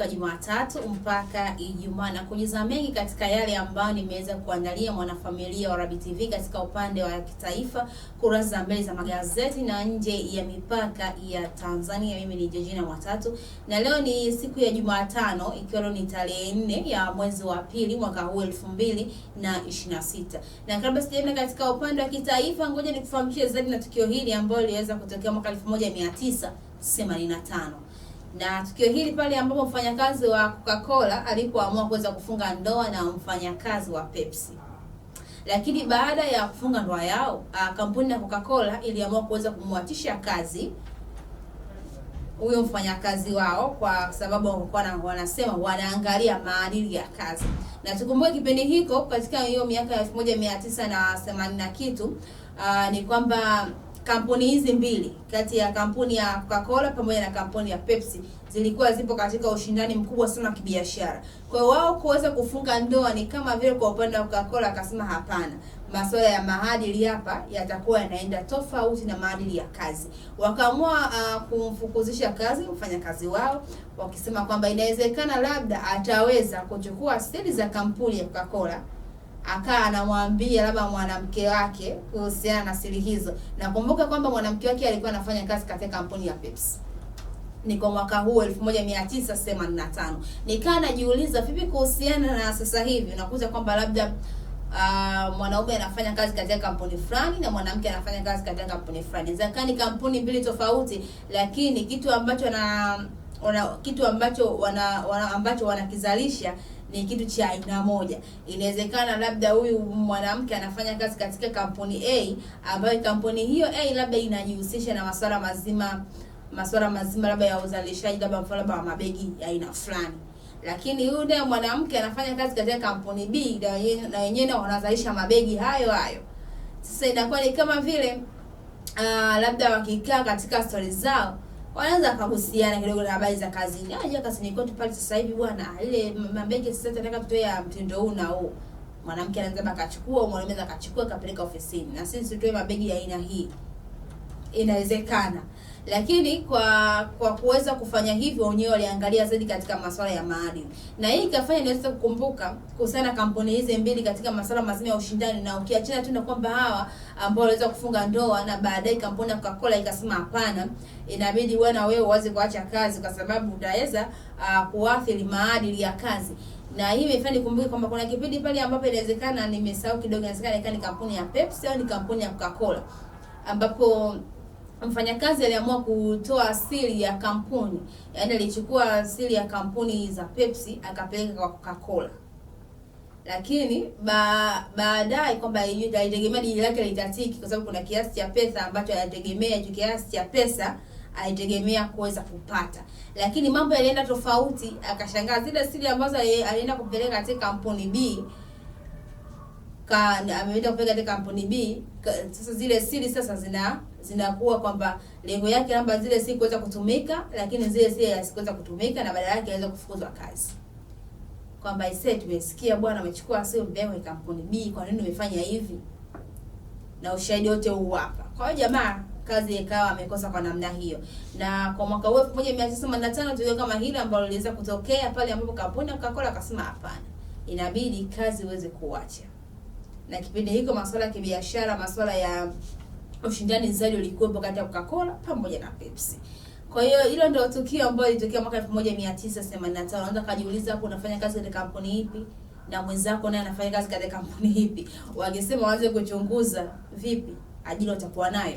kutoka Jumatatu mpaka Ijumaa na kujuza mengi katika yale ambayo nimeweza kuandalia mwanafamilia wa Rabi TV katika upande wa kitaifa, kurasa za mbele za magazeti na nje ya mipaka ya Tanzania. Mimi ni Georgina Mwatatu na leo ni siku ya Jumatano, ikiwa leo ni tarehe nne ya mwezi wa pili mwaka huu elfu mbili na ishirini na sita na kabla sijaenda katika upande wa kitaifa, ngoja nikufahamishie zaidi na tukio hili ambalo liliweza kutokea mwaka elfu moja mia tisa themanini na tano na tukio hili pale ambapo mfanyakazi wa Coca-Cola alipoamua kuweza kufunga ndoa na mfanyakazi wa Pepsi. Lakini baada ya kufunga ndoa yao, ah, kampuni ya Coca-Cola iliamua kuweza kumwatisha kazi huyo mfanyakazi wao kwa sababu walikuwa wanasema wanaangalia maadili ya kazi. Na tukumbuke kipindi hiko katika hiyo miaka ya 1980 na kitu, uh, ni kwamba kampuni hizi mbili kati ya kampuni ya Coca-Cola pamoja na kampuni ya Pepsi zilikuwa zipo katika ushindani mkubwa sana wa kibiashara. Kwa wao kuweza kufunga ndoa ni kama vile kwa upande wa Coca-Cola akasema hapana, masuala ya maadili hapa yatakuwa yanaenda tofauti na maadili ya kazi. Wakaamua uh, kumfukuzisha kazi mfanyakazi wao wakisema kwamba inawezekana labda ataweza kuchukua seli za kampuni ya Coca-Cola akaa anamwambia labda mwanamke wake kuhusiana na siri hizo. Nakumbuka kwamba mwanamke wake alikuwa anafanya kazi katika kampuni ya Pepsi ni kwa mwaka huo 1985. Nikaa najiuliza vipi kuhusiana na sasa hivi, unakuta kwamba labda uh, mwanaume anafanya kazi katika kampuni fulani na mwanamke anafanya kazi katika kampuni fulani, Zaka ni kampuni mbili tofauti, lakini kitu ambacho na, wana, kitu ambacho wana, wana ambacho wanakizalisha ni kitu cha aina moja. Inawezekana labda huyu mwanamke anafanya kazi katika kampuni A ambayo kampuni hiyo A labda inajihusisha na masuala mazima masuala mazima labda ya uzalishaji labda mfano labda wa mabegi ya aina fulani, lakini huyu naye mwanamke anafanya kazi katika kampuni B na wenyewe na wanazalisha mabegi hayo hayo. Sasa inakuwa ni kama vile uh, labda wakikaa katika stori zao wanaweza kuhusiana kidogo na habari za kazini. Unajua kazini kwetu pale sasa hivi bwana, ile mabenki sasa tunataka tutoe ya mtindo huu na huu. Mwanamke anaweza akachukua, mwanaume akachukua, akapeleka ofisini, na sisi tutoe mabegi ya aina hii inawezekana, lakini kwa kwa kuweza kufanya hivyo wenyewe waliangalia zaidi katika masuala ya maadili, na hii ikafanya niweza kukumbuka kuhusiana na kampuni hizi mbili katika masuala mazima ya ushindani, na ukiachana tu na kwamba hawa ambao waliweza kufunga ndoa na baadaye kampuni ya Coca-Cola ikasema hapana, inabidi wewe na wewe uweze kuacha kazi kwa sababu utaweza uh, kuathiri maadili ya kazi na hii imefanya nikumbuke kwamba kuna kipindi pale ambapo inawezekana nimesahau kidogo, inawezekana ni kampuni ya Pepsi au ni kampuni ya Coca-Cola ambapo mfanyakazi aliamua kutoa siri ya kampuni, yaani alichukua siri ya kampuni za Pepsi akapeleka kwa Coca-Cola, lakini ba baadaye kwamba alitegemea dili lake litatiki, kwa sababu kuna kiasi cha pesa ambacho alitegemea, hicho kiasi cha pesa alitegemea kuweza kupata, lakini mambo yalienda tofauti. Akashangaa zile siri ambazo alienda kupeleka katika kampuni B ka ameenda kupeka katika kampuni B ka, sasa zile siri sasa zina zinakuwa kwamba lengo yake labda zile si kuweza kutumika, lakini zile siri hazikuweza kutumika na badala yake aweza kufukuzwa kazi, kwamba aisee, tumesikia bwana amechukua siri mbele ya kampuni B, kwa nini umefanya hivi? Na ushahidi wote huu hapa. Kwa hiyo jamaa kazi ikawa amekosa kwa namna hiyo, na kwa mwaka huu 1985 tulio kama hili ambalo liliweza kutokea pale ambapo kampuni ya Coca-Cola akasema hapana, inabidi kazi iweze kuacha na kipindi hiko masuala ya kibiashara, masuala ya ushindani zaidi ulikuwepo kati ya Coca-Cola pamoja na Pepsi. Kwa hiyo hilo ndio tukio ambalo lilitokea mwaka 1985. Unaweza kujiuliza hapo unafanya kazi katika kampuni ipi na mwenzako naye anafanya kazi katika kampuni ipi? Wangesema waanze kuchunguza vipi ajira utakuwa nayo.